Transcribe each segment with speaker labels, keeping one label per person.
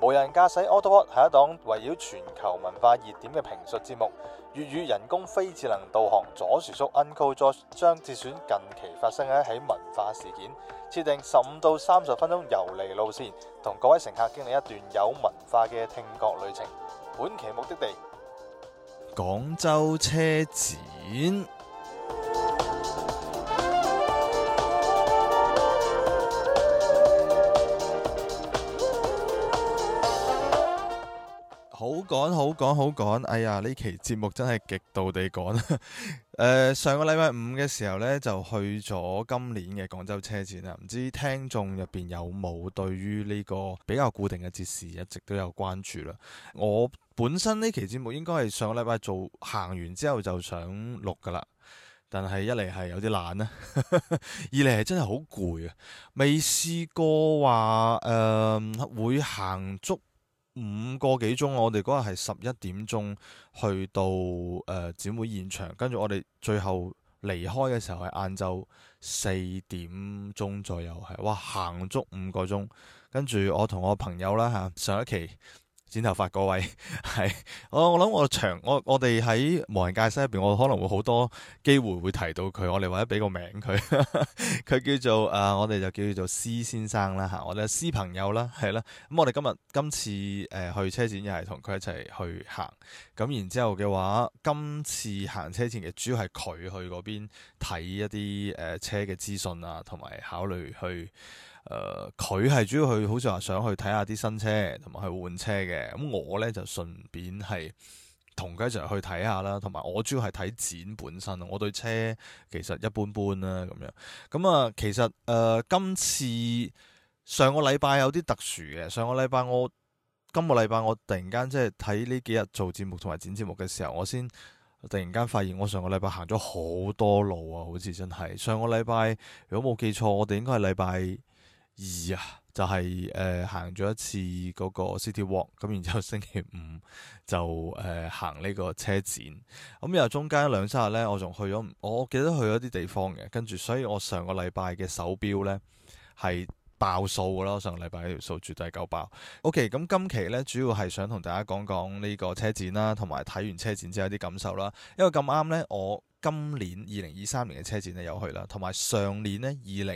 Speaker 1: 無人駕駛 AutoPod 係一檔圍繞全球文化熱點嘅評述節目。粵語人工非智能導航左薯叔 Uncle Josh 將節選近期發生嘅一起文化事件。設定十五到三十分鐘遊離路線，同各位乘客經歷一段有文化嘅聽覺旅程。本期目的地：廣州車展。好趕，好趕，好趕！哎呀，呢期節目真係極度地趕。誒、 呃，上個禮拜五嘅時候呢，就去咗今年嘅廣州車展啦。唔知聽眾入邊有冇對於呢個比較固定嘅節事一直都有關注啦？我本身呢期節目應該係上個禮拜做，行完之後就想錄㗎啦，但係一嚟係有啲懶啦， 二嚟係真係好攰啊，未試過話誒、呃、會行足五個幾鐘，我哋嗰日係十一點鐘去到誒、呃、展會現場，跟住我哋最後離開嘅時候係晏晝四點鐘左右，係哇，行足五個鐘，跟住我同我朋友啦吓、啊、上一期。剪頭髮嗰位係我，我諗我長我我哋喺無人駕駛入邊，我可能會好多機會會提到佢，我哋或者俾個名佢，佢 叫做誒、呃，我哋就叫做施先生啦嚇，我哋施朋友啦係啦。咁、嗯、我哋今日今次誒、呃、去車展又係同佢一齊去行，咁然之後嘅話，今次行車展嘅主要係佢去嗰邊睇一啲誒、呃、車嘅資訊啊，同埋考慮去。誒，佢係、呃、主要去，好似話想去睇下啲新車，同埋去換車嘅。咁我呢，就順便係同佢一齊去睇下啦。同埋我主要係睇展本身。我對車其實一般般啦，咁樣。咁、嗯、啊，其實誒、呃，今次上個禮拜有啲特殊嘅。上個禮拜我今個禮拜我突然間即係睇呢幾日做節目同埋剪節目嘅時候，我先突然間發現我上個禮拜行咗好多路啊，好似真係。上個禮拜如果冇記錯，我哋應該係禮拜。二啊，就係、是、誒、呃、行咗一次嗰個 City Walk，咁然之後星期五就誒、呃、行呢個車展，咁然後中間兩三日呢，我仲去咗，我記得去咗啲地方嘅，跟住所以我上個禮拜嘅手表呢係爆數噶啦，我上個禮拜條數絕對夠爆。OK，咁、嗯、今期呢，主要係想同大家講講呢個車展啦，同埋睇完車展之後啲感受啦，因為咁啱呢，我。今年二零二三年嘅車展咧有去啦，同埋上年呢，二零二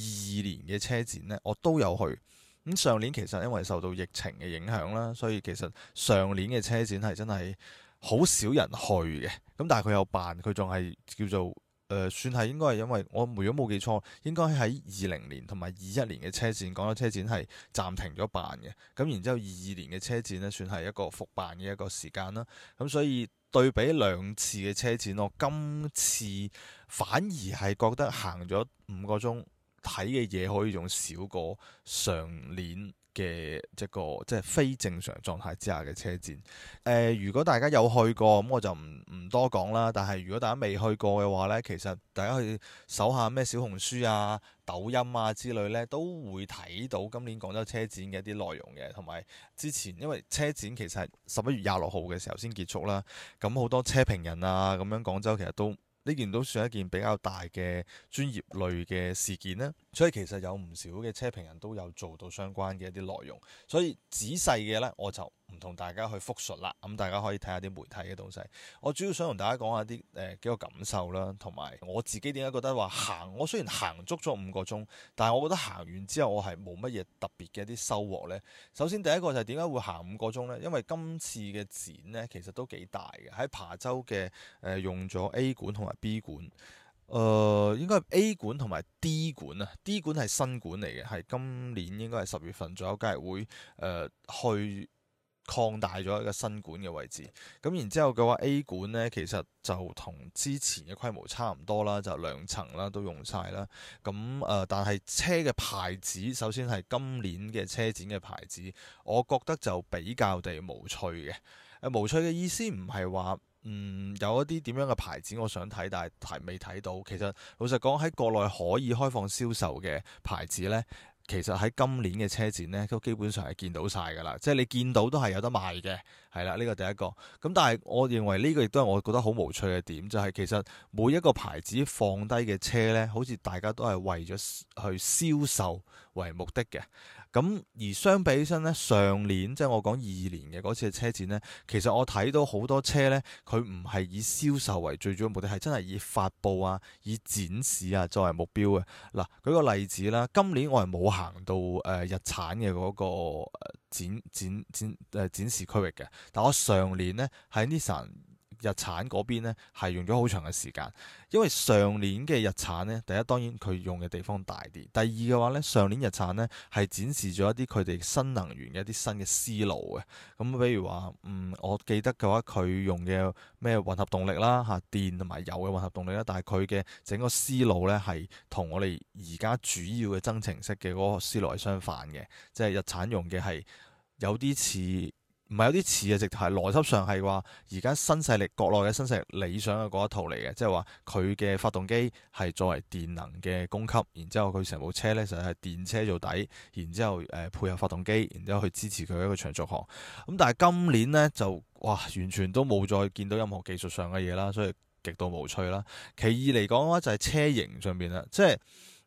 Speaker 1: 二年嘅車展呢，我都有去。咁上年，年，年其實因為受到疫情嘅影響啦，所以其實上年嘅車展係真係好少人去嘅。咁但係佢有辦，佢仲係叫做誒、呃，算係應該係因為我如果冇記錯，應該喺二零年同埋二一年嘅車展，廣州車展係暫停咗辦嘅。咁然之後二二年嘅車展呢，算係一個復辦嘅一個時間啦。咁所以。對比兩次嘅車展，我今次反而係覺得行咗五個鐘睇嘅嘢可以用少過上年嘅一、這個即係非正常狀態之下嘅車展。誒、呃，如果大家有去過，咁我就唔唔多講啦。但係如果大家未去過嘅話呢，其實大家可以搜下咩小紅書啊。抖音啊之類呢，都會睇到今年廣州車展嘅一啲內容嘅。同埋之前因為車展其實係十一月廿六號嘅時候先結束啦，咁好多車評人啊咁樣，廣州其實都呢件都算一件比較大嘅專業類嘅事件呢。所以其實有唔少嘅車評人都有做到相關嘅一啲內容，所以仔細嘅呢，我就唔同大家去復述啦。咁大家可以睇下啲媒體嘅東西。我主要想同大家講下啲誒、呃、幾個感受啦，同埋我自己點解覺得話行，我雖然行足咗五個鐘，但係我覺得行完之後我係冇乜嘢特別嘅一啲收穫呢。首先第一個就係點解會行五個鐘呢？因為今次嘅展呢，其實都幾大嘅，喺琶洲嘅，誒，用咗 A 管同埋 B 管。誒、呃、應該係 A 館同埋 D 館啊，D 館係新館嚟嘅，係今年應該係十月份左右，梗係會誒、呃、去擴大咗一個新館嘅位置。咁然之後嘅話，A 館呢，其實就同之前嘅規模差唔多啦，就兩層啦，都用晒啦。咁誒、呃，但係車嘅牌子，首先係今年嘅車展嘅牌子，我覺得就比較地無趣嘅。誒、呃、無趣嘅意思唔係話。嗯，有一啲點樣嘅牌子我想睇，但係係未睇到。其實老實講，喺國內可以開放銷售嘅牌子呢，其實喺今年嘅車展呢，都基本上係見到晒㗎啦。即係你見到都係有得賣嘅，係啦。呢個第一個咁，但係我認為呢個亦都係我覺得好無趣嘅點，就係、是、其實每一個牌子放低嘅車呢，好似大家都係為咗去銷售為目的嘅。咁而相比起身咧，上年即係我講二二年嘅嗰次車展咧，其實我睇到好多車咧，佢唔係以銷售為最主要的目的，係真係以發布啊、以展示啊作為目標嘅。嗱，舉個例子啦，今年我係冇行到誒日產嘅嗰個展展展誒展示區域嘅，但我上年咧喺 Nissan。日產嗰邊呢係用咗好長嘅時間，因為上年嘅日產呢，第一當然佢用嘅地方大啲，第二嘅話呢，上年日產呢係展示咗一啲佢哋新能源嘅一啲新嘅思路嘅，咁比如話嗯，我記得嘅話佢用嘅咩混合動力啦，嚇電同埋油嘅混合動力啦，但係佢嘅整個思路呢係同我哋而家主要嘅增程式嘅嗰個思路係相反嘅，即係日產用嘅係有啲似。唔係有啲似嘅，直頭係邏輯上係話，而家新勢力國內嘅新勢力理想嘅嗰一套嚟嘅，即係話佢嘅發動機係作為電能嘅供給，然之後佢成部車呢，實質係電車做底，然之後誒、呃、配合發動機，然之後去支持佢一個長續航。咁、嗯、但係今年呢，就哇，完全都冇再見到任何技術上嘅嘢啦，所以極度無趣啦。其二嚟講嘅話就係車型上面啦，即係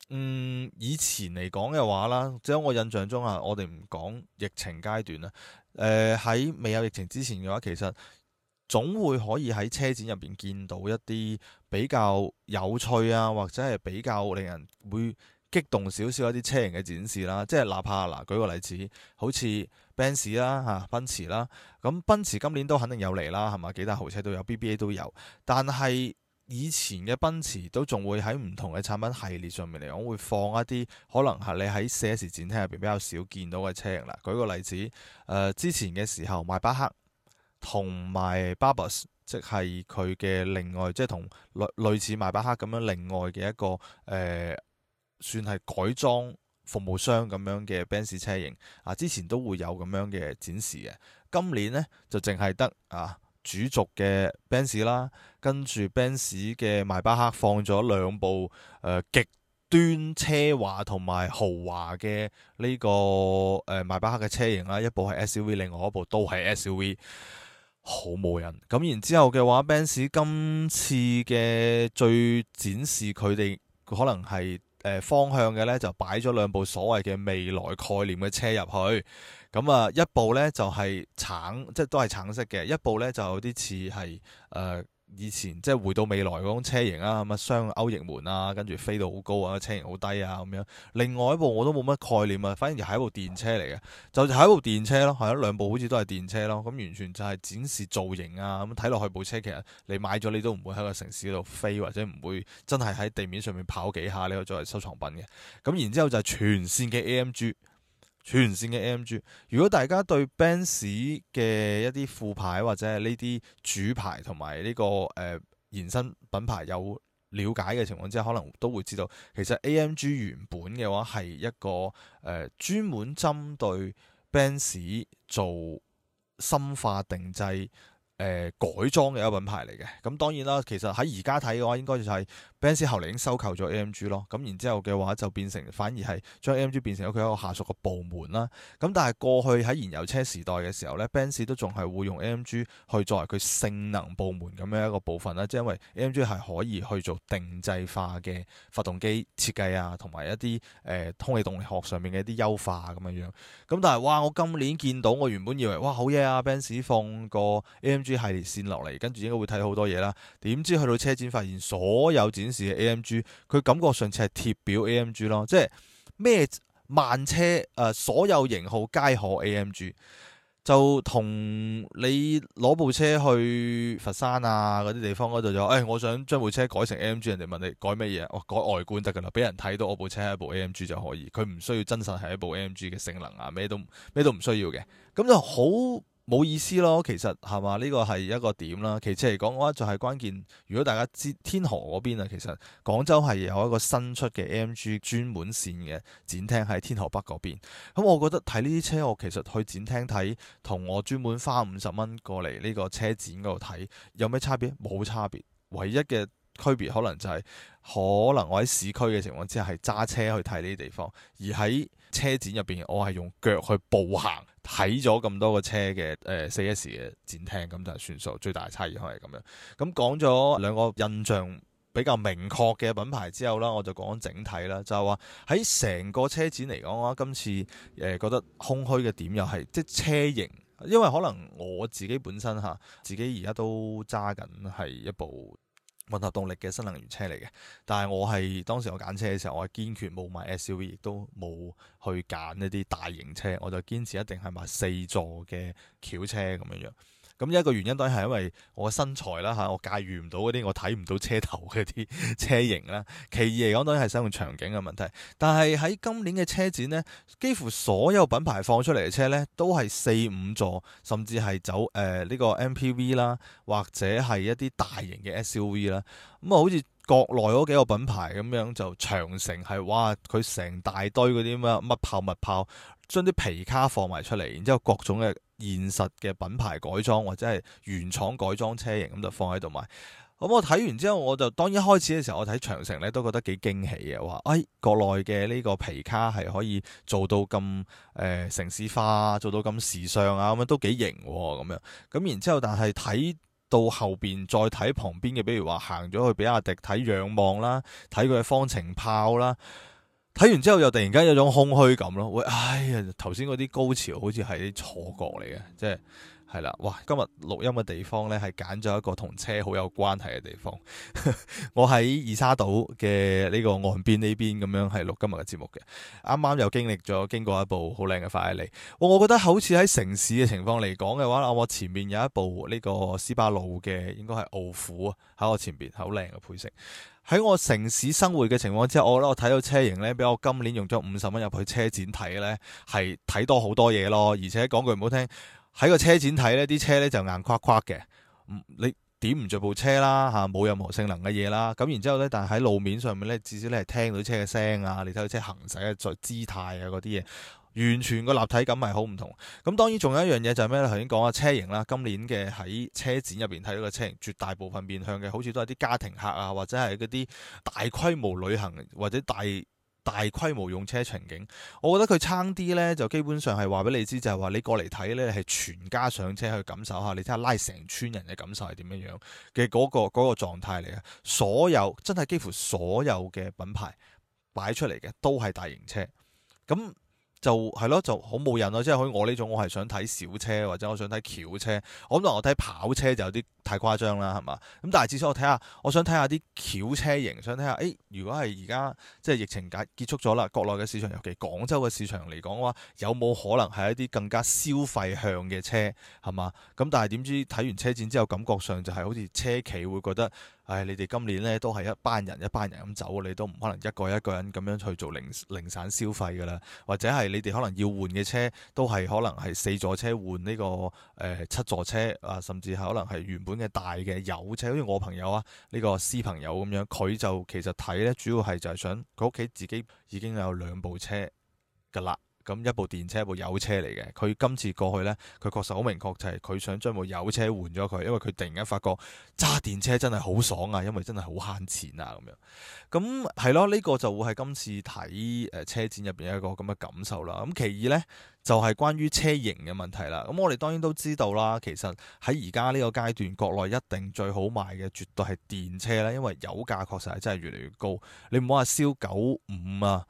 Speaker 1: 嗯，以前嚟講嘅話啦，即係我印象中啊，我哋唔講疫情階段啦。誒，喺、呃、未有疫情之前嘅話，其實總會可以喺車展入邊見到一啲比較有趣啊，或者係比較令人會激動少少一啲車型嘅展示啦。即係哪怕嗱，舉個例子，好似 Benz 啦吓，奔馳啦，咁奔馳今年都肯定有嚟啦，係嘛？幾大豪車都有，BBA 都有，但係。以前嘅奔馳都仲會喺唔同嘅產品系列上面嚟講，會放一啲可能係你喺 4S 展廳入邊比較少見到嘅車型啦。舉個例子，誒、呃、之前嘅時候，邁巴赫同埋 Brabus，即係佢嘅另外，即係同類類似邁巴赫咁樣另外嘅一個誒、呃，算係改裝服務商咁樣嘅 Benz 車型啊，之前都會有咁樣嘅展示嘅。今年呢就淨係得啊。主軸嘅 Benz 啦，跟住 Benz 嘅邁巴赫放咗兩部誒極端奢華同埋豪華嘅呢個誒邁、呃、巴赫嘅車型啦，一部係 SUV，另外一部都係 SUV，好冇癮。咁然之後嘅話，Benz 今次嘅最展示佢哋可能係。呃、方向嘅呢就擺咗兩部所謂嘅未來概念嘅車入去，咁啊一部呢就係橙，即係都係橙色嘅，一部呢，就係，一部呢就有啲似係誒。呃以前即係回到未來嗰種車型啊，乜雙歐翼門啊，跟住飛到好高啊，車型好低啊咁樣。另外一部我都冇乜概念啊，反而就係一部電車嚟嘅，就係一部電車咯，係咯，兩部好似都係電車咯。咁完全就係展示造型啊，咁睇落去部車其實你買咗你都唔會喺個城市度飛，或者唔會真係喺地面上面跑幾下，呢個作為收藏品嘅。咁然之後就係全線嘅 AMG。全線嘅 AMG，如果大家對 Benz 嘅一啲副牌或者係呢啲主牌同埋呢個誒、呃、延伸品牌有了解嘅情況之下，可能都會知道，其實 AMG 原本嘅話係一個誒專、呃、門針對 Benz 做深化定製。誒、呃、改裝嘅一個品牌嚟嘅，咁當然啦，其實喺而家睇嘅話應該就係 Benz 後嚟已經收購咗 AMG 咯，咁然之後嘅話就變成反而係將 AMG 變成咗佢一個下屬嘅部門啦。咁但係過去喺燃油車時代嘅時候咧呢，Benz 都仲係會用 AMG 去作為佢性能部門咁樣一個部分啦，即係因為 AMG 係可以去做定制化嘅發動機設計啊，同埋一啲誒空氣動力學上面嘅一啲優化咁樣樣，咁但係哇，我今年見到我原本以為哇好嘢啊，Benz 放個 AMG。啲系列線落嚟，跟住應該會睇好多嘢啦。點知去到車展，發現所有展示嘅 AMG，佢感覺上次係貼表 AMG 咯，即係咩慢車誒、呃，所有型號皆可 AMG，就同你攞部車去佛山啊嗰啲地方嗰度就，誒、哎，我想將部車改成 AMG，人哋問你改乜嘢，哇、哦，改外觀得噶啦，俾人睇到我部車係一部 AMG 就可以，佢唔需要真實係一部 AMG 嘅性能啊，咩都咩都唔需要嘅，咁就好。冇意思咯，其實係嘛？呢個係一個點啦。其次嚟講嘅話就係關鍵，如果大家知天河嗰邊啊，其實廣州係有一個新出嘅 AMG 專門線嘅展廳喺天河北嗰邊。咁我覺得睇呢啲車，我其實去展廳睇，同我專門花五十蚊過嚟呢個車展嗰度睇，有咩差別？冇差別。唯一嘅區別可能就係，可能我喺市區嘅情況之下係揸車去睇呢啲地方，而喺車展入邊，我係用腳去步行睇咗咁多個車嘅誒四 S 嘅展廳，咁就係算數最大嘅差異可能係咁樣。咁、嗯、講咗兩個印象比較明確嘅品牌之後啦，我就講整體啦，就係話喺成個車展嚟講嘅話，今次誒、呃、覺得空虛嘅點又係即係車型，因為可能我自己本身吓、啊，自己而家都揸緊係一部。混合動，動力嘅新能源車嚟嘅，但係我係當時我揀車嘅時候，我係堅決冇買 SUV，亦都冇去揀呢啲大型車，我就堅持一定係買四座嘅轎車咁樣樣。咁一個原因當然係因為我身材啦嚇，我駕馭唔到嗰啲我睇唔到車頭嗰啲車型啦。其二嚟講，當然係使用場景嘅問題。但係喺今年嘅車展呢，幾乎所有品牌放出嚟嘅車呢，都係四五座，甚至係走誒呢、呃這個 MPV 啦，或者係一啲大型嘅 SUV 啦。咁、嗯、啊，好似國內嗰幾個品牌咁樣，就長城係哇，佢成大堆嗰啲咩乜炮物炮，將啲皮卡放埋出嚟，然之後各種嘅。現實嘅品牌改裝或者係原廠改裝車型咁就放喺度賣。咁我睇完之後，我就當一開始嘅時候，我睇長城呢都覺得幾驚喜嘅，話誒、哎、國內嘅呢個皮卡係可以做到咁誒、呃、城市化，做到咁時尚啊，咁樣都幾型喎咁樣。咁然之後，但係睇到後邊再睇旁邊嘅，比如話行咗去比亞迪睇仰望啦，睇佢嘅方程炮啦。睇完之後又突然間有種空虛感咯，喂，哎呀頭先嗰啲高潮好似係啲錯覺嚟嘅。即係係啦，哇今日錄音嘅地方呢係揀咗一個同車好有關係嘅地方， 我喺二沙島嘅呢個岸邊呢邊咁樣係錄今日嘅節目嘅，啱啱又經歷咗經過一部好靚嘅法拉利。我我覺得好似喺城市嘅情況嚟講嘅話，我前面有一部呢個斯巴魯嘅，應該係傲虎，喺我前邊好靚嘅配色。喺我城市生活嘅情況之下，我覺得我睇到車型呢，比我今年用咗五十蚊入去車展睇呢，係睇多好多嘢咯。而且講句唔好聽，喺個車展睇呢啲車呢，就硬垮垮嘅，你點唔着部車啦吓，冇、啊、任何性能嘅嘢啦。咁然之後呢，但係喺路面上面呢，至少你係聽到車嘅聲啊，你睇到車行駛嘅姿態啊嗰啲嘢。完全個立體感係好唔同，咁當然仲有一樣嘢，就係咩咧？頭先講啊車型啦，今年嘅喺車展入邊睇到個車型，絕大部分面向嘅好似都係啲家庭客啊，或者係嗰啲大規模旅行或者大大規模用車情景。我覺得佢撐啲呢，就基本上係話俾你知，就係、是、話你過嚟睇呢，係全家上車去感受下，你睇下拉成村人嘅感受係點樣樣嘅嗰個嗰、嗰個狀態嚟嘅。所有真係幾乎所有嘅品牌擺出嚟嘅都係大型車，咁。就係咯，就好冇癮咯。即係好似我呢種，我係想睇小車或者我想睇轎車。我可能我睇跑車就有啲太誇張啦，係嘛？咁但係至少我睇下，我想睇下啲轎車型，想睇下誒、哎。如果係而家即係疫情解結束咗啦，國內嘅市場，尤其廣州嘅市場嚟講嘅話，有冇可能係一啲更加消費向嘅車係嘛？咁但係點知睇完車展之後，感覺上就係好似車企會覺得。誒、哎，你哋今年呢都係一班人一班人咁走，你都唔可能一個一個人咁樣去做零零散消費㗎啦，或者係你哋可能要換嘅車都係可能係四座車換呢、這個誒、呃、七座車啊，甚至係可能係原本嘅大嘅油車，好似我朋友啊呢、這個私朋友咁樣，佢就其實睇呢，主要係就係想佢屋企自己已經有兩部車㗎啦。咁一部電車，一部油車嚟嘅。佢今次過去呢，佢確實好明確，就係佢想將部油車換咗佢，因為佢突然間發覺揸電車真係好爽啊，因為真係好慳錢啊咁樣。咁係咯，呢、這個就會係今次睇誒、呃、車展入邊一個咁嘅感受啦。咁其二呢，就係、是、關於車型嘅問題啦。咁我哋當然都知道啦，其實喺而家呢個階段，國內一定最好賣嘅絕對係電車啦，因為油價確實係真係越嚟越高。你唔好話燒九五啊。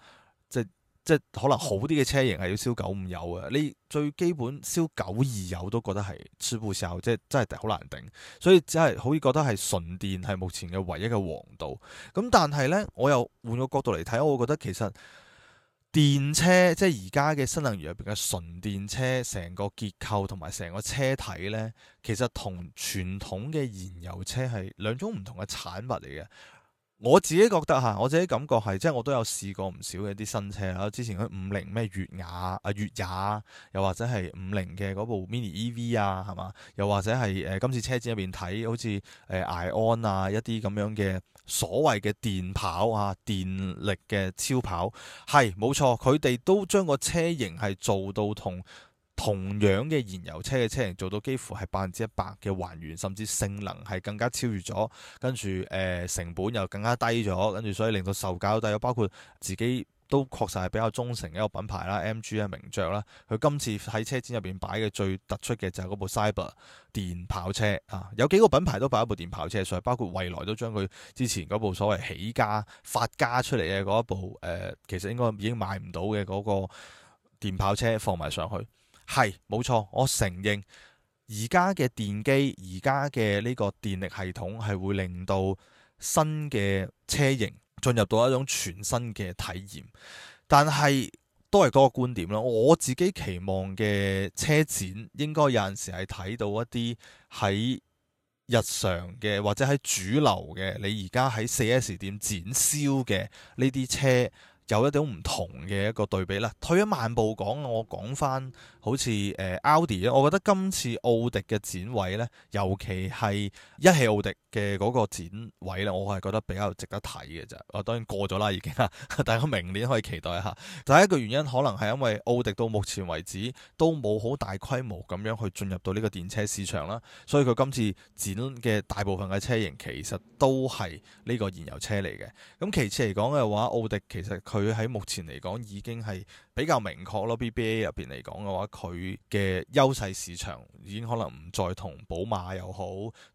Speaker 1: 即係可能好啲嘅車型係要燒九五油啊。你最基本燒九二油都覺得係燒部時候，即係真係好難頂，所以只係好似覺得係純電係目前嘅唯一嘅王道。咁但係呢，我又換個角度嚟睇，我會覺得其實電車即係而家嘅新能源入邊嘅純電車成個結構同埋成個車體呢，其實同傳統嘅燃油車係兩種唔同嘅產物嚟嘅。我自己覺得嚇，我自己感覺係，即係我都有試過唔少嘅啲新車啦。之前佢五菱咩月雅啊，月雅，又或者係五菱嘅嗰部 mini EV 啊，係嘛？又或者係誒、呃、今次車展入邊睇，好似誒、呃、埃安啊一啲咁樣嘅所謂嘅電跑啊，電力嘅超跑，係冇錯，佢哋都將個車型係做到同，同樣嘅燃油車嘅車型做到幾乎係百分之一百嘅還原，甚至性能係更加超越咗，跟住誒、呃、成本又更加低咗，跟住所以令到售價都低咗。包括自己都確實係比較忠誠一個品牌啦，MG 啊，名爵啦，佢今次喺車展入邊擺嘅最突出嘅就係嗰部 Cyber 電跑車啊！有幾個品牌都擺一部電跑車上，所以包括蔚來都將佢之前嗰部所謂起家發家出嚟嘅嗰一部誒、呃，其實應該已經賣唔到嘅嗰個電跑車放埋上去。係冇錯，我承認而家嘅電機，而家嘅呢個電力系統係會令到新嘅車型進入到一種全新嘅體驗。但係都係嗰個觀點啦。我自己期望嘅車展應該有陣時係睇到一啲喺日常嘅或者喺主流嘅，你而家喺 4S 店展銷嘅呢啲車。有一點唔同嘅一個對比啦，退一萬步講，我講翻好似誒、呃、Audi 啊，我覺得今次奧迪嘅展位咧，尤其係一汽奧迪。嘅嗰個展位咧，我係覺得比較值得睇嘅咋，我當然過咗啦，已經啦。大家明年可以期待一下。第一個原因可能係因為奧迪到目前為止都冇好大規模咁樣去進入到呢個電車市場啦，所以佢今次展嘅大部分嘅車型其實都係呢個燃油車嚟嘅。咁其次嚟講嘅話，奧迪其實佢喺目前嚟講已經係。比較明確咯，BBA 入邊嚟講嘅話，佢嘅優勢市場已經可能唔再同寶馬又好，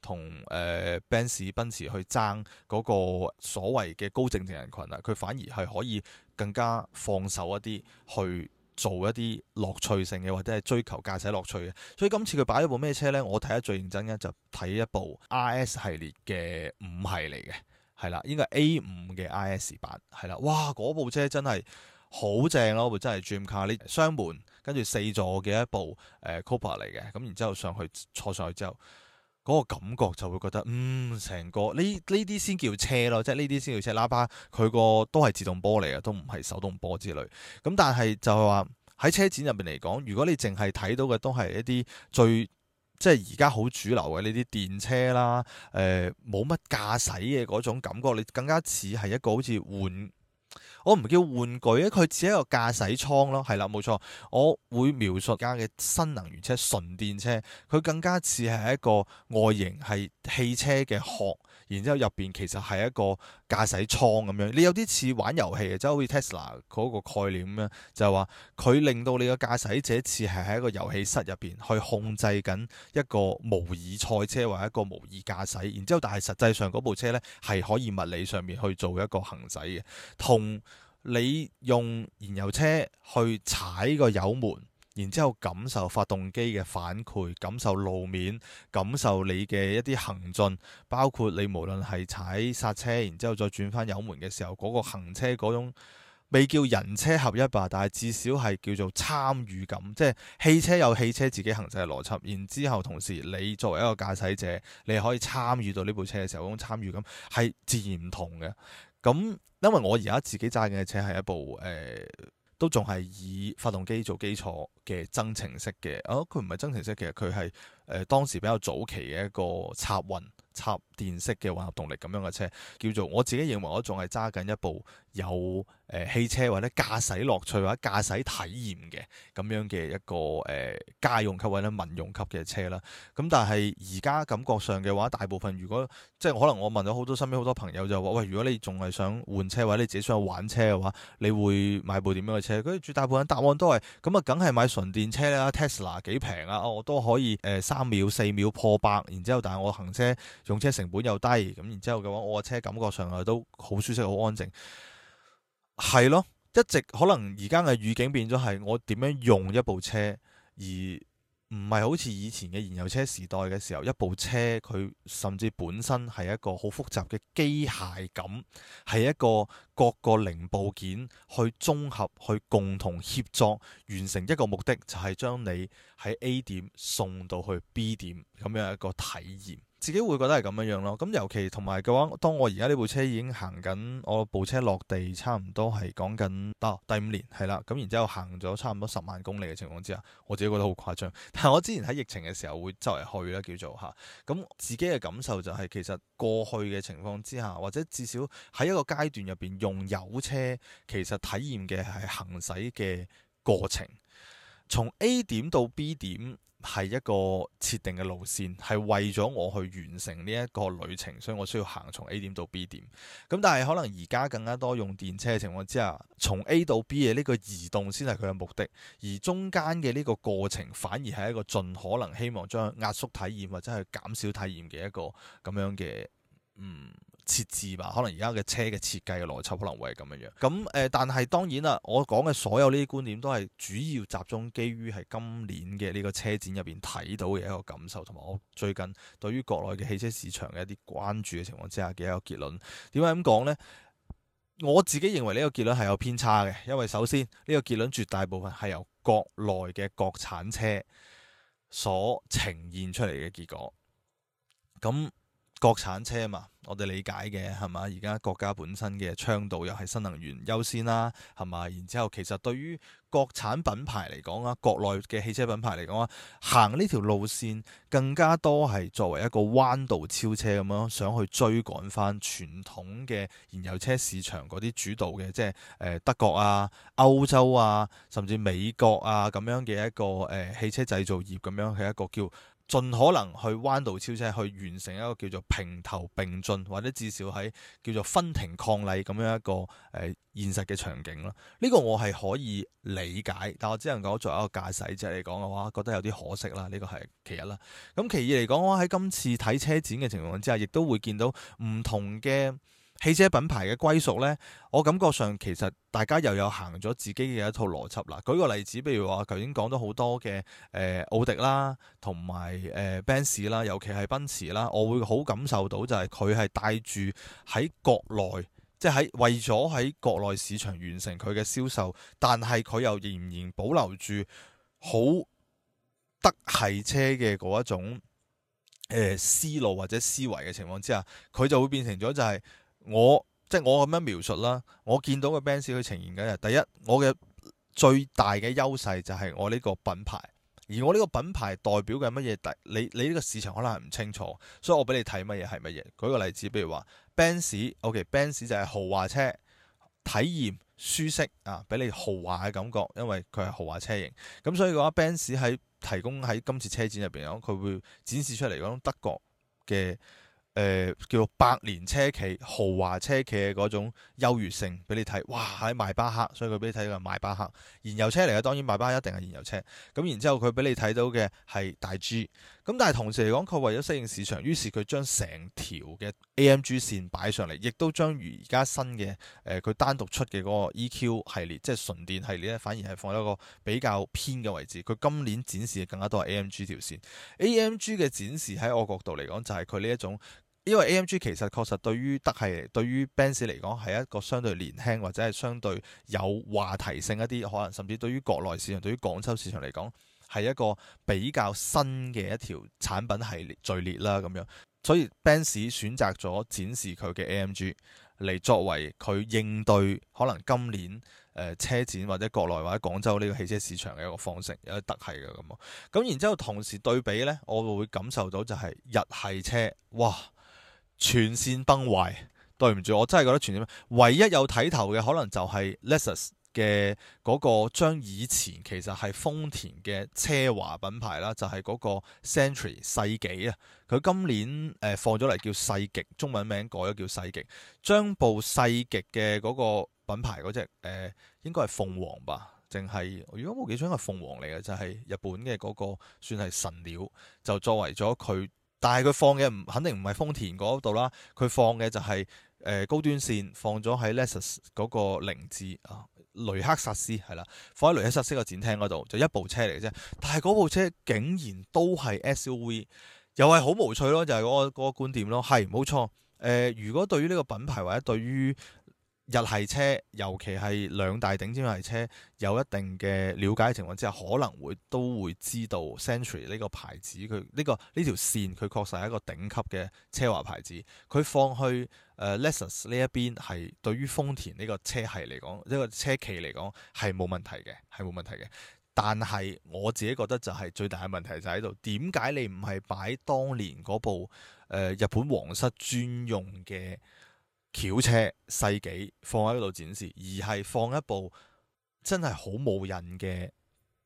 Speaker 1: 同誒賓士、賓士去爭嗰個所謂嘅高淨值人群啦。佢反而係可以更加放手一啲，去做一啲樂趣性嘅，或者係追求駕駛樂趣嘅。所以今次佢擺一部咩車呢？我睇得最認真嘅就睇一部 RS 系列嘅五系嚟嘅，係啦，應該係 A 五嘅 RS 版，係啦。哇，嗰部車真係～好正咯！會真係 dream car 你雙門，跟住四座嘅一部誒、呃、Cobra 嚟嘅，咁然之後上去坐上去之後，嗰、那個感覺就會覺得，嗯，成個呢呢啲先叫車咯，即係呢啲先叫車。喇叭佢個都係自動波嚟嘅，都唔係手動波之類。咁但係就係話喺車展入邊嚟講，如果你淨係睇到嘅都係一啲最即係而家好主流嘅呢啲電車啦，誒冇乜駕駛嘅嗰種感覺，你更加似係一個好似換。我唔叫玩具咧，佢只係一個駕駛艙咯，係啦，冇錯。我會描述而家嘅新能源車純電車，佢更加似係一個外形係汽車嘅殼。然之後入邊其實係一個駕駛艙咁樣，你有啲似玩遊戲嘅，即係好似 Tesla 嗰個概念咁樣，就係話佢令到你嘅駕駛者似係喺一個遊戲室入邊去控制緊一個模擬賽車或者一個模擬駕駛。然之後，但係實際上嗰部車呢，係可以物理上面去做一個行駛嘅，同你用燃油車去踩個油門。然之後感受發動機嘅反饋，感受路面，感受你嘅一啲行進，包括你無論係踩剎車，然之後再轉翻油門嘅時候，嗰、嗰個行車嗰種未叫人車合一吧，但係至少係叫做參與感，即係汽車有汽車自己行駛嘅邏輯，然之後同時你作為一個駕駛者，你可以參與到呢部車嘅時候嗰種參與感係自然唔同嘅。咁因為我而家自己揸緊嘅車係一部誒，呃都仲係以發動機做基礎嘅增程式嘅，哦佢唔係增程式，其實佢係誒當時比較早期嘅一個插混插電式嘅混合動力咁樣嘅車，叫做我自己認為我仲係揸緊一部。有誒汽車或者駕駛樂趣或者駕駛體驗嘅咁樣嘅一個誒、呃、家用級或者民用級嘅車啦，咁但係而家感覺上嘅話，大部分如果即係可能我問咗好多身邊好多朋友就話喂，如果你仲係想換車或者你自己想玩車嘅話，你會買部點樣嘅車？絕大部分答案都係咁啊，梗係買純電車啦，Tesla 幾平啊，我都可以誒三秒、呃、四秒破百，然之後但係我行車用車成本又低，咁然之後嘅話我個車感覺上都好舒適好安靜。係咯，一直可能而家嘅語境變咗係我點樣用一部車，而唔係好似以前嘅燃油車時代嘅時候，一部車佢甚至本身係一個好複雜嘅機械感，係一個各個零部件去綜合去共同協作完成一個目的，就係、是、將你喺 A 點送到去 B 點咁樣一個體驗。自己會覺得係咁樣樣咯，咁尤其同埋嘅話，當我而家呢部車已經行緊，我部車落地差唔多係講緊，得、啊、第五年係啦，咁然之後行咗差唔多十萬公里嘅情況之下，我自己覺得好誇張。但係我之前喺疫情嘅時候會周圍去啦，叫做吓。咁、啊、自己嘅感受就係、是、其實過去嘅情況之下，或者至少喺一個階段入邊用有車，其實體驗嘅係行駛嘅過程，從 A 點到 B 點。係一個設定嘅路線，係為咗我去完成呢一個旅程，所以我需要行從 A 點到 B 點。咁但係可能而家更加多用電車嘅情況之下，從 A 到 B 嘅呢個移動先係佢嘅目的，而中間嘅呢個過程反而係一個盡可能希望將壓縮體驗或者係減少體驗嘅一個咁樣嘅，嗯。設置吧，可能而家嘅車嘅設計嘅邏輯可能會係咁樣樣。咁誒、呃，但係當然啦，我講嘅所有呢啲觀點都係主要集中基於係今年嘅呢個車展入邊睇到嘅一個感受，同埋我最近對於國內嘅汽車市場嘅一啲關注嘅情況之下嘅一個結論。點解咁講呢？我自己認為呢個結論係有偏差嘅，因為首先呢，這個結論絕大部分係由國內嘅國產車所呈現出嚟嘅結果。咁國產車嘛，我哋理解嘅係嘛？而家國家本身嘅倡導又係新能源優先啦，係嘛？然之後其實對於國產品牌嚟講啊，國內嘅汽車品牌嚟講啊，行呢條路線更加多係作為一個彎道超車咁樣，想去追趕翻傳統嘅燃油車市場嗰啲主導嘅，即係德國啊、歐洲啊，甚至美國啊咁樣嘅一個誒汽車製造業咁樣嘅一個叫。盡可能去彎道超車，去完成一個叫做平頭並進，或者至少喺叫做分庭抗禮咁樣一個誒、呃、現實嘅場景咯。呢、這個我係可以理解，但我只能講作為一個駕駛者嚟講嘅話，覺得有啲可惜啦。呢、這個係其一啦。咁其二嚟講，我喺今次睇車展嘅情況之下，亦都會見到唔同嘅。汽車品牌嘅歸屬呢，我感覺上其實大家又有行咗自己嘅一套邏輯啦。舉個例子，比如話，頭先講咗好多嘅誒、呃、奧迪啦，同埋 Benz 啦，尤其係奔馳啦，我會好感受到就係佢係帶住喺國內，即係喺為咗喺國內市場完成佢嘅銷售，但係佢又仍然保留住好德系車嘅嗰一種誒思路或者思維嘅情況之下，佢就會變成咗就係、是。我即係、就是、我咁樣描述啦，我見到嘅 Benz 佢呈現緊嘅第一，我嘅最大嘅優勢就係我呢個品牌，而我呢個品牌代表嘅乜嘢？第你你呢個市場可能係唔清楚，所以我俾你睇乜嘢係乜嘢。舉個例子，比如話 Benz，OK，Benz、okay，就係豪華車，體驗舒適啊，俾你豪華嘅感覺，因為佢係豪華車型。咁所以嘅話，Benz 喺提供喺今次車展入邊，佢會展示出嚟嗰種德國嘅。誒、呃、叫做百年車企、豪華車企嘅嗰種優越性俾你睇，哇喺邁巴赫，所以佢俾你睇嘅邁巴赫燃油車嚟嘅，當然邁巴赫一定係燃油車。咁然之後佢俾你睇到嘅係大 G，咁但係同時嚟講，佢為咗適應市場，於是佢將成條嘅 AMG 線擺上嚟，亦都將而家新嘅誒佢單獨出嘅嗰個 EQ 系列，即係純電系列咧，反而係放喺一個比較偏嘅位置。佢今年展示嘅更加多係 AMG 條線，AMG 嘅展示喺我角度嚟講就係佢呢一種。因為 AMG 其實確實對於德系對於 Benz 嚟講係一個相對年輕或者係相對有話題性一啲，可能甚至對於國內市場、對於廣州市場嚟講係一個比較新嘅一條產品系列序列啦咁樣。所以 Benz 選擇咗展示佢嘅 AMG 嚟作為佢應對可能今年誒、呃、車展或者國內或者廣州呢個汽車市場嘅一個方式，有得係嘅咁。咁然之後同時對比呢，我會感受到就係日系車哇～全線崩壞，對唔住，我真係覺得全線。唯一有睇頭嘅可能就係 Lexus 嘅嗰、那個將以前其實係豐田嘅奢華品牌啦，就係、是、嗰個 Century 世紀啊。佢今年誒、呃、放咗嚟叫世紀，中文名改咗叫世紀。將部世紀嘅嗰個品牌嗰隻誒，應該係鳳凰吧？淨係如果我冇記錯，係鳳凰嚟嘅，就係、是、日本嘅嗰、那個算係神鳥，就作為咗佢。但係佢放嘅唔肯定唔係豐田嗰度啦，佢放嘅就係誒高端線放咗喺 Lexus 嗰個凌志啊，雷克薩斯係啦，放喺雷克薩斯個展廳嗰度就一部車嚟嘅啫。但係嗰部車竟然都係 SUV，又係好無趣咯，就係嗰個嗰個觀點咯。係冇錯，誒、呃、如果對於呢個品牌或者對於。日系車，尤其係兩大頂尖日系車，有一定嘅了解情況之下，可能會都會知道 Century 呢個牌子，佢呢、這個呢條、這個、線，佢確實係一個頂級嘅奢華牌子。佢放去誒 Lexus 呢一邊，係對於豐田呢個車系嚟講，呢、這個車企嚟講係冇問題嘅，係冇問題嘅。但係我自己覺得就係最大嘅問題就喺度，點解你唔係擺當年嗰部、呃、日本皇室專用嘅？轎車世紀放喺度展示，而係放一部真係好冇癮嘅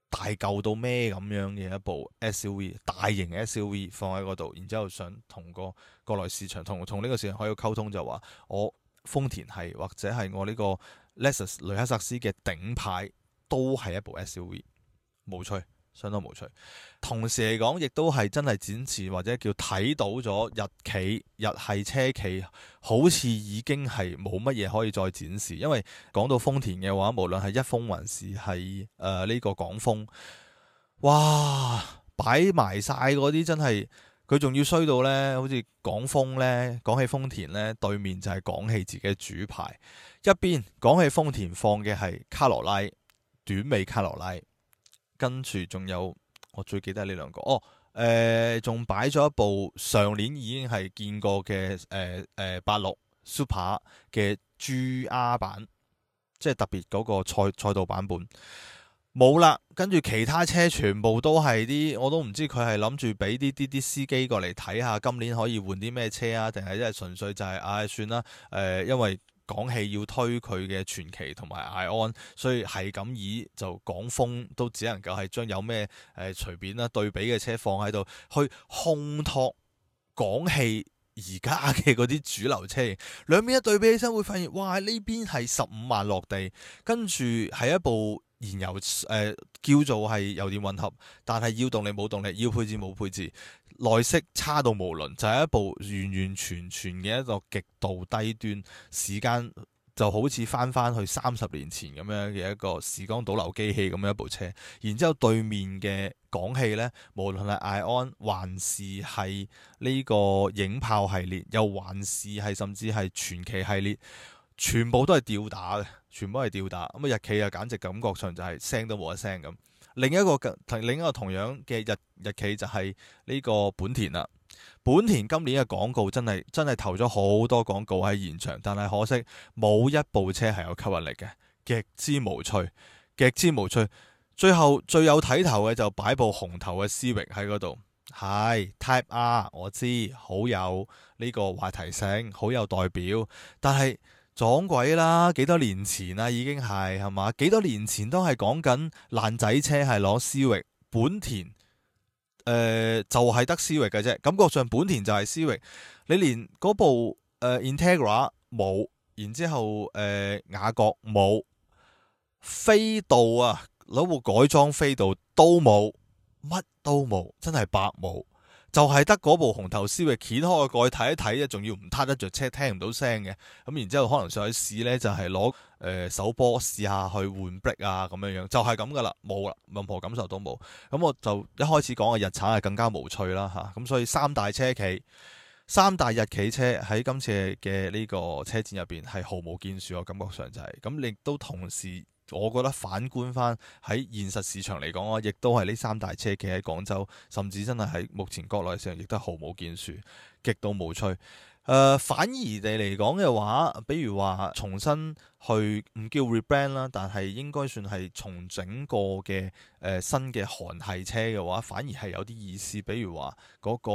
Speaker 1: 大舊到咩咁樣嘅一部 SUV，大型嘅 SUV 放喺度，然之後想同個國內市場同同呢個市場可以溝通，就話我豐田係或者係我呢個 Lexus 雷克薩斯嘅頂牌都係一部 SUV，冇趣。相當無趣，同時嚟講，亦都係真係展示或者叫睇到咗日企、日系車企，好似已經係冇乜嘢可以再展示。因為講到豐田嘅話，無論係一豐還是係誒呢個廣豐，哇，擺埋晒嗰啲真係佢仲要衰到呢，好似廣豐呢。廣汽豐田呢，對面就係廣汽自己主牌，一邊講起豐田放嘅係卡羅拉，短尾卡羅拉。跟住仲有我最記得呢兩個哦，誒仲擺咗一部上年已經係見過嘅誒誒八六 Super 嘅 GR 版，即係特別嗰個賽賽道版本冇啦。跟住其他車全部都係啲我都唔知佢係諗住俾啲啲啲司機過嚟睇下今年可以換啲咩車啊，定係因為純粹就係、是、唉、哎、算啦誒、呃，因為。廣汽要推佢嘅傳祺同埋埃安，所以係咁以就港風都只能夠係將有咩誒隨便啦對比嘅車放喺度，去烘托廣汽而家嘅嗰啲主流車型。兩邊一對比起身，會發現哇呢邊係十五萬落地，跟住係一部。燃油誒叫做係油電混合，但係要動力冇動力，要配置冇配置，內飾差到無論，就係、是、一部完完全全嘅一個極度低端，時間就好似翻翻去三十年前咁樣嘅一個時光倒流機器咁樣一部車。然之後對面嘅廣汽呢，無論係埃安，還是係呢個影豹系列，又還是係甚至係傳奇系列。全部都係吊打嘅，全部都係吊打咁啊！日企啊，簡直感覺上就係聲都冇得聲咁。另一個同另一個同樣嘅日日企就係呢個本田啦。本田今年嘅廣告真係真係投咗好多廣告喺現場，但係可惜冇一部車係有吸引力嘅，極之無趣，極之無趣。最後最有睇頭嘅就擺部紅頭嘅思域喺嗰度，係 Type R，我知好有呢個話題性，好有代表，但係。撞鬼啦，幾多年前啦，啊，已經係係嘛，幾多年前都係講緊爛仔車係攞思域、R e, 本田，誒、呃、就係得思域嘅啫，R e, 感覺上本田就係思域，R e, 你連嗰部誒、呃、Integra 冇，然之後誒、呃、雅閣冇，飛度啊攞部改裝飛度都冇，乜都冇，真係白冇。就係得嗰部紅頭絲嘅掀開個蓋睇一睇啫，仲要唔撻得着車，聽唔到聲嘅咁。然之後可能上去試呢，就係攞誒手波試下去換 brake 啊，咁、就是、樣樣就係咁噶啦，冇啦，任何感受都冇。咁我就一開始講嘅日產係更加無趣啦吓。咁、啊、所以三大車企、三大日企車喺今次嘅呢個車展入邊係毫無建樹，我感覺上就係、是、咁。你都同時。我覺得反觀翻喺現實市場嚟講啊，亦都係呢三大車企喺廣州，甚至真係喺目前國內市場亦都毫無建樹，極度無趣。誒、呃，反而地嚟講嘅話，比如話重新去唔叫 rebrand 啦，但係應該算係重整過嘅誒新嘅韓系車嘅話，反而係有啲意思。比如話嗰個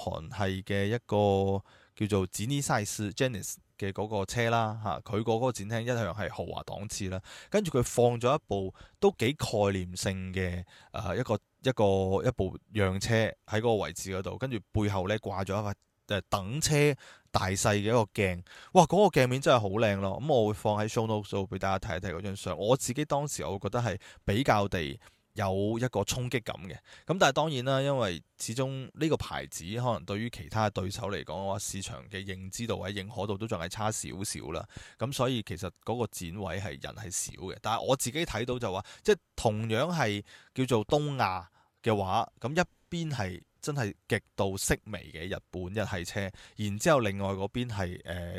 Speaker 1: 韓系嘅一個叫做吉尼賽斯 Genesis。嘅嗰個車啦，嚇佢個嗰個展廳一向係豪華檔次啦，跟住佢放咗一部都幾概念性嘅誒一個一個一部樣車喺嗰個位置嗰度，跟住背後咧掛咗一塊誒等車大細嘅一個鏡，哇！嗰、那個鏡面真係好靚咯，咁我會放喺 show notes 度俾大家睇一睇嗰張相，我自己當時我覺得係比較地。有一個衝擊感嘅，咁但係當然啦，因為始終呢個牌子可能對於其他對手嚟講嘅話，市場嘅認知度或者認可度都仲係差少少啦，咁所以其實嗰個展位係人係少嘅，但係我自己睇到就話，即係同樣係叫做東亞嘅話，咁一邊係真係極度色微嘅日本日系車，然之後另外嗰邊係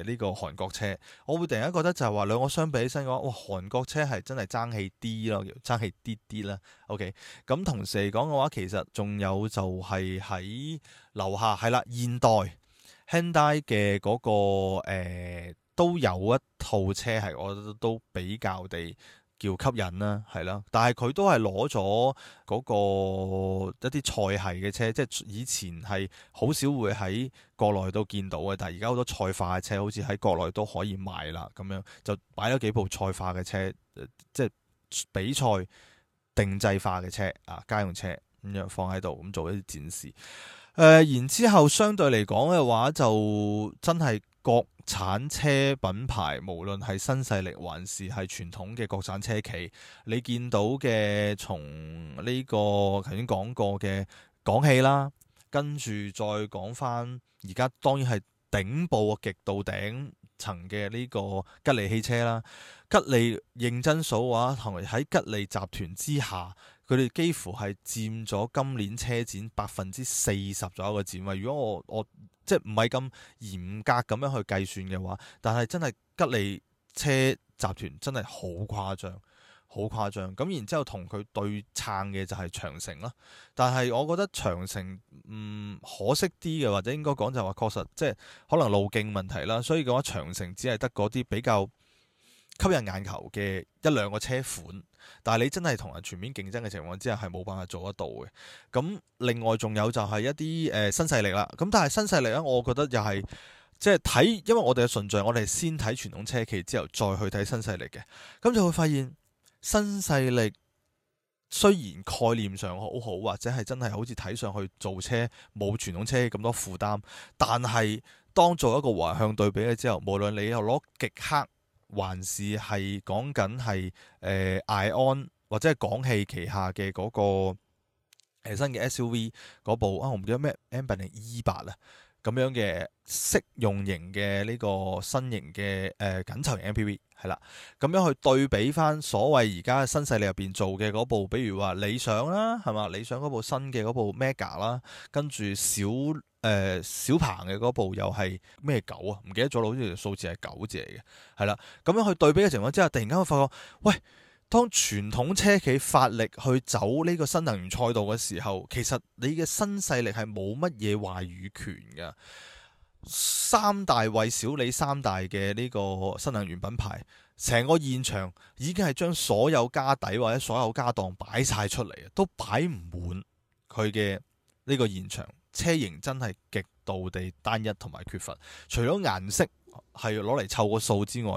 Speaker 1: 呢個韓國車，我會突然間覺得就係話兩個相比起身講，哇韓國車係真係爭氣啲咯，爭氣啲啲啦。OK，咁同時嚟講嘅話，其實仲有就係喺樓下係啦，現代 Hyundai 嘅嗰、嗰個、呃、都有一套車係我都都比較地。叫吸引啦，係啦，但係佢都係攞咗嗰個一啲賽係嘅車，即係以前係好少會喺國內都見到嘅，但係而家好多賽化嘅車好似喺國內都可以賣啦咁樣就擺咗幾部賽化嘅車，即係比賽定制化嘅車啊，家用車，咁樣放喺度咁做一啲展示。誒、呃，然之後相對嚟講嘅話，就真係國……產車品牌，無論係新勢力還是係傳統嘅國產車企，你見到嘅從呢個頭先講過嘅廣汽啦，跟住再講翻而家當然係頂部極度頂層嘅呢個吉利汽車啦。吉利認真數嘅話，同埋喺吉利集團之下，佢哋幾乎係佔咗今年車展百分之四十左右嘅展位。如果我我即係唔係咁嚴格咁樣去計算嘅話，但係真係吉利車集團真係好誇張，好誇張。咁然之後同佢對撐嘅就係長城啦。但係我覺得長城，嗯，可惜啲嘅，或者應該講就話確實即係可能路徑問題啦。所以嘅話長城只係得嗰啲比較吸引眼球嘅一兩個車款。但係你真係同人全面競爭嘅情況之下，係冇辦法做得到嘅。咁另外仲有就係一啲誒、呃、新勢力啦。咁但係新勢力咧，我覺得又係即係睇，因為我哋嘅順序，我哋先睇傳統車企之後再去睇新勢力嘅。咁就會發現新勢力雖然概念上好好，或者係真係好似睇上去造車冇傳統車企咁多負擔，但係當做一個橫向對比嘅之後，無論你又攞極氪，還是係講緊係誒埃安或者係廣汽旗下嘅嗰，嗰個新嘅 SUV 嗰部啊，哦，我唔記得咩 Ambition E 八啊，咁樣嘅適用型嘅呢，呢個新型嘅誒緊湊型 MPV 係啦，咁樣去對比翻所謂而家新勢力入邊做嘅嗰部，比如話理想啦，係嘛？理想嗰部新嘅嗰部 Mega 啦，跟住小。誒、呃、小鵬嘅嗰部又係咩九啊？唔記得咗，好似條數字係九字嚟嘅，係啦。咁樣去對比嘅情況之下，突然間會發覺，喂，當傳統車企發力去走呢個新能源賽道嘅時候，其實你嘅新勢力係冇乜嘢話語權㗎。三大蔚小理三大嘅呢個新能源品牌，成個現場已經係將所有家底或者所有家當擺晒出嚟，都擺唔滿佢嘅呢個現場。車型真係極度地單一同埋缺乏，除咗顏色係攞嚟湊個數之外，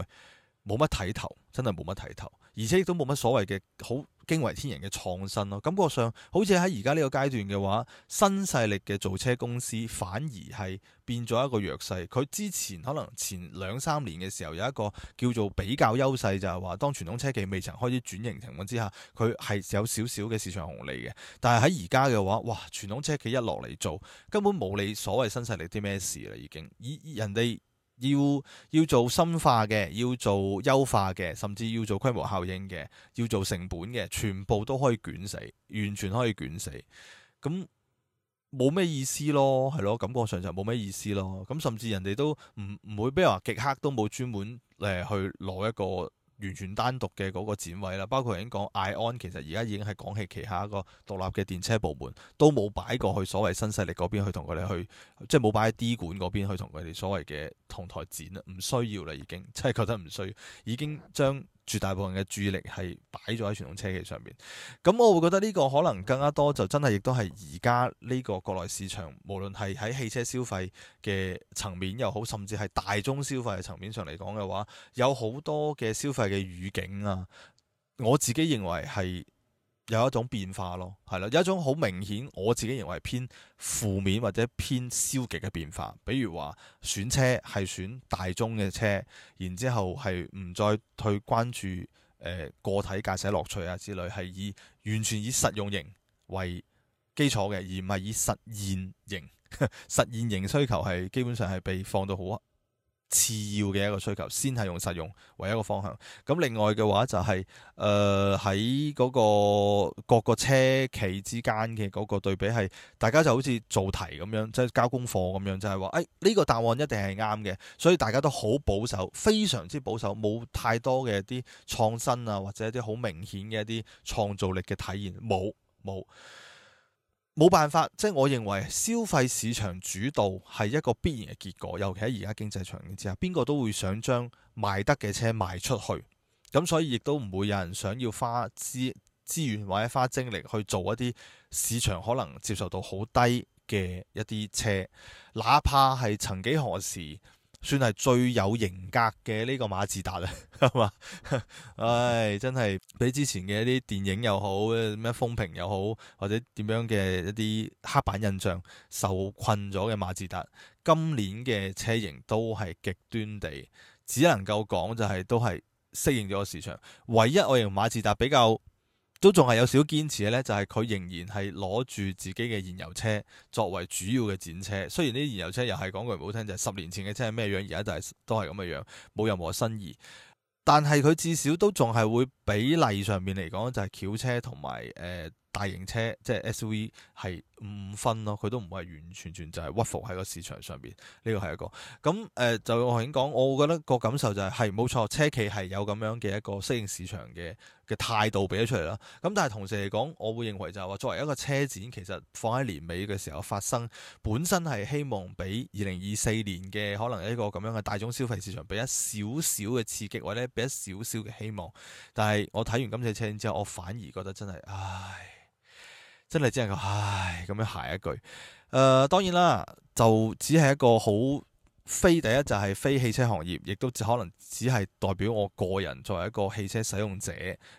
Speaker 1: 冇乜睇頭，真係冇乜睇頭，而且亦都冇乜所謂嘅好驚為天人嘅創新咯，感覺上好似喺而家呢個階段嘅話，新勢力嘅造車公司反而係變咗一個弱勢。佢之前可能前兩三年嘅時候有一個叫做比較優勢，就係話當傳統車企未曾開始轉型情況之下，佢係有少少嘅市場紅利嘅。但係喺而家嘅話，哇，傳統車企一落嚟做根本冇你所謂新勢力啲咩事啦，已經以人哋。要要做深化嘅，要做優化嘅，甚至要做規模效應嘅，要做成本嘅，全部都可以卷死，完全可以卷死。咁冇咩意思咯，係咯？感覺上就冇咩意思咯。咁甚至人哋都唔唔會，比如話極氪都冇專門誒、呃、去攞一個。完全單獨嘅嗰個展位啦，包括已經講，AION 其實而家已經係廣汽旗下一個獨立嘅電車部門，都冇擺過去所謂新勢力嗰邊去同佢哋去，即係冇擺喺 D 館嗰邊去同佢哋所謂嘅同台展啦，唔需要啦，已經，已經真係覺得唔需要，已經將。絕大部分嘅注意力係擺咗喺傳統車企上面。咁我會覺得呢個可能更加多就真係亦都係而家呢個國內市場，無論係喺汽車消費嘅層面又好，甚至係大宗消費嘅層面上嚟講嘅話，有好多嘅消費嘅語境啊，我自己認為係。有一種變化咯，係啦，有一種好明顯，我自己認為偏負面或者偏消極嘅變化。比如話，選車係選大眾嘅車，然之後係唔再去關注誒、呃、個體駕駛樂趣啊之類，係以完全以實用型為基礎嘅，而唔係以實現型。實現型需求係基本上係被放到好次要嘅一個需求，先係用實用為一個方向。咁另外嘅話就係誒喺嗰個各個車企之間嘅嗰個對比，係大家就好似做題咁樣，即係交功課咁樣，就係話誒呢個答案一定係啱嘅，所以大家都好保守，非常之保守，冇太多嘅啲創新啊，或者一啲好明顯嘅一啲創造力嘅體現，冇冇。冇辦法，即係我認為消費市場主導係一個必然嘅結果，尤其喺而家經濟場景之下，邊個都會想將賣得嘅車賣出去，咁所以亦都唔會有人想要花資資源或者花精力去做一啲市場可能接受度好低嘅一啲車，哪怕係曾幾何時。算係最有型格嘅呢個馬自達啊，係嘛？唉，真係比之前嘅一啲電影又好，咩風評又好，或者點樣嘅一啲黑板印象受困咗嘅馬自達，今年嘅車型都係極端地，只能夠講就係都係適應咗個市場。唯一我認馬自達比較。都仲係有少堅持嘅咧，就係佢仍然係攞住自己嘅燃油車作為主要嘅展車。雖然啲燃油車又係講句唔好聽，就係十年前嘅車係咩樣，而家就係都係咁嘅樣，冇任何新意。但係佢至少都仲係會。比例上面嚟講，就係轎車同埋誒大型車，即係 SUV 係五分咯，佢都唔係完全全就係屈服喺個市場上邊呢、這個係一個咁誒、嗯呃、就我頭先講，我覺得個感受就係係冇錯，車企係有咁樣嘅一個適應市場嘅嘅態度俾咗出嚟啦。咁但係同時嚟講我會認為就係話作為一個車展，其實放喺年尾嘅時候發生，本身係希望俾二零二四年嘅可能一個咁樣嘅大眾消費市場俾一少少嘅刺激，或者俾一少少嘅希望，但係。我睇完今次車展之後，我反而覺得真係，唉，真係真係個唉咁樣下一句。誒、呃，當然啦，就只係一個好非第一就係非汽車行業，亦都只可能只係代表我個人作為一個汽車使用者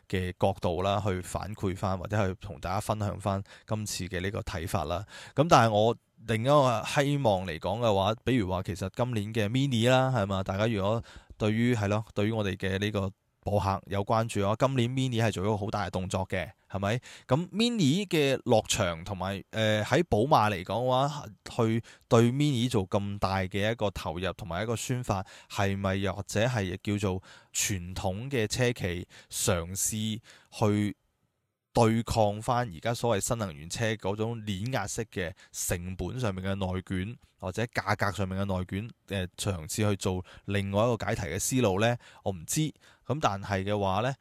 Speaker 1: 嘅角度啦，去反饋翻或者去同大家分享翻今次嘅呢個睇法啦。咁但係我另一個希望嚟講嘅話，比如話其實今年嘅 Mini 啦，係嘛，大家如果對於係咯，對於我哋嘅呢個。播客有關注啊！今年 Mini 係做一個好大嘅動作嘅，係咪？咁 Mini 嘅落場同埋誒喺寶馬嚟講嘅話，去對 Mini 做咁大嘅一個投入同埋一個宣發，係咪又或者係叫做傳統嘅車企嘗試去？對抗翻而家所謂新能源車嗰種碾壓式嘅成本上面嘅內卷，或者價格上面嘅內卷嘅嘗試去做另外一個解題嘅思路呢，我唔知。咁但係嘅話呢，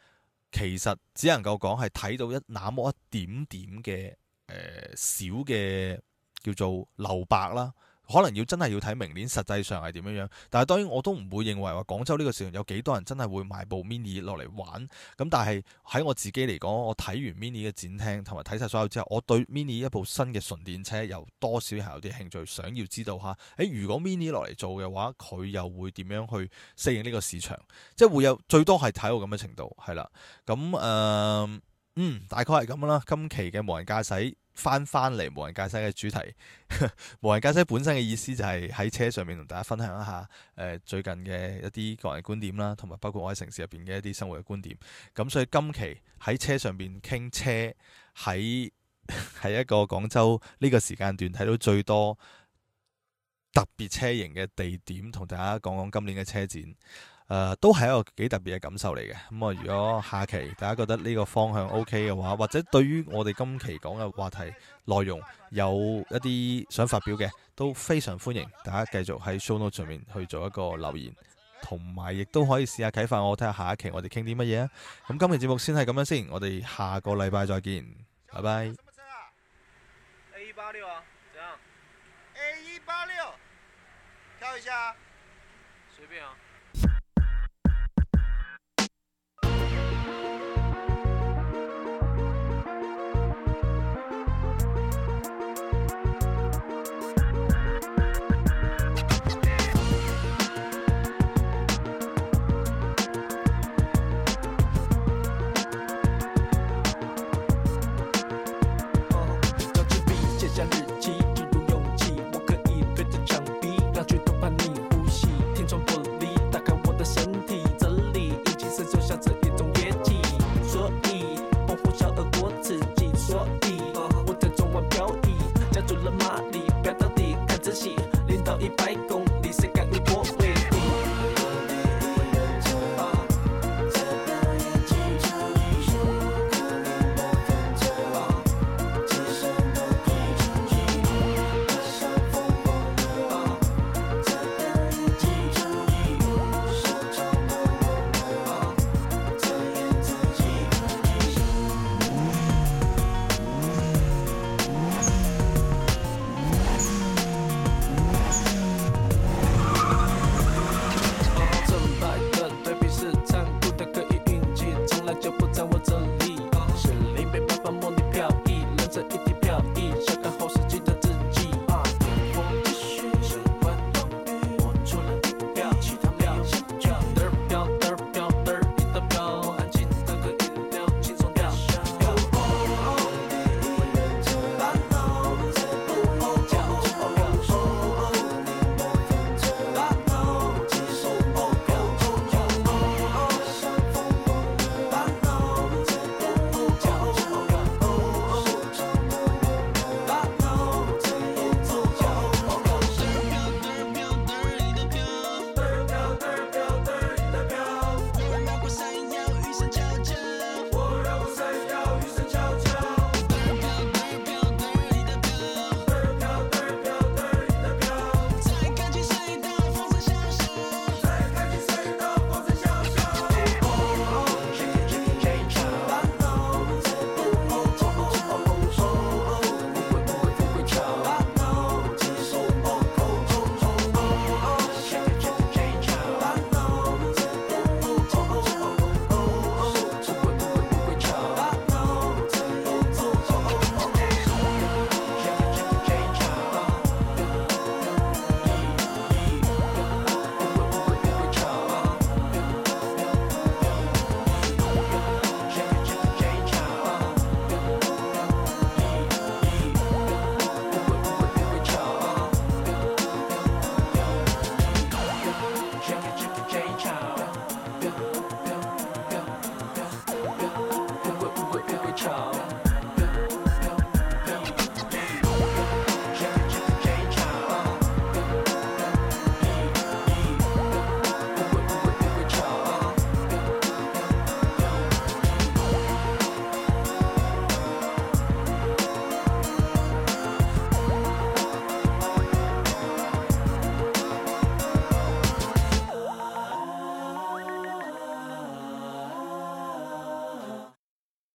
Speaker 1: 其實只能夠講係睇到一那麼一點點嘅誒、呃、小嘅叫做留白啦。可能真要真係要睇明年實際上係點樣，但係當然我都唔會認為話廣州呢個市場有幾多人真係會買部 mini 落嚟玩，咁但係喺我自己嚟講，我睇完 mini 嘅展廳同埋睇晒所有之後，我對 mini 一部新嘅純電車有多少係有啲興趣，想要知道下，誒如果 mini 落嚟做嘅話，佢又會點樣去適應呢個市場？即係會有最多係睇到咁嘅程度，係啦，咁、嗯、誒。嗯，大概係咁啦。今期嘅無人駕駛翻翻嚟，無人駕駛嘅主題，無人駕駛本身嘅意思就係喺車上面同大家分享一下，誒、呃、最近嘅一啲個人觀點啦，同埋包括我喺城市入邊嘅一啲生活嘅觀點。咁所以今期喺車上面傾車，喺喺一個廣州呢個時間段睇到最多特別車型嘅地點，同大家講講今年嘅車展。誒、呃，都係一個幾特別嘅感受嚟嘅。咁、嗯、啊，如果下期大家覺得呢個方向 OK 嘅話，或者對於我哋今期講嘅話題內容有一啲想發表嘅，都非常歡迎。大家繼續喺 show note 上面去做一個留言，同埋亦都可以試下啟發我，睇下下一期我哋傾啲乜嘢啊。咁今期節目先係咁樣先，我哋下個禮拜再見，拜拜、啊。A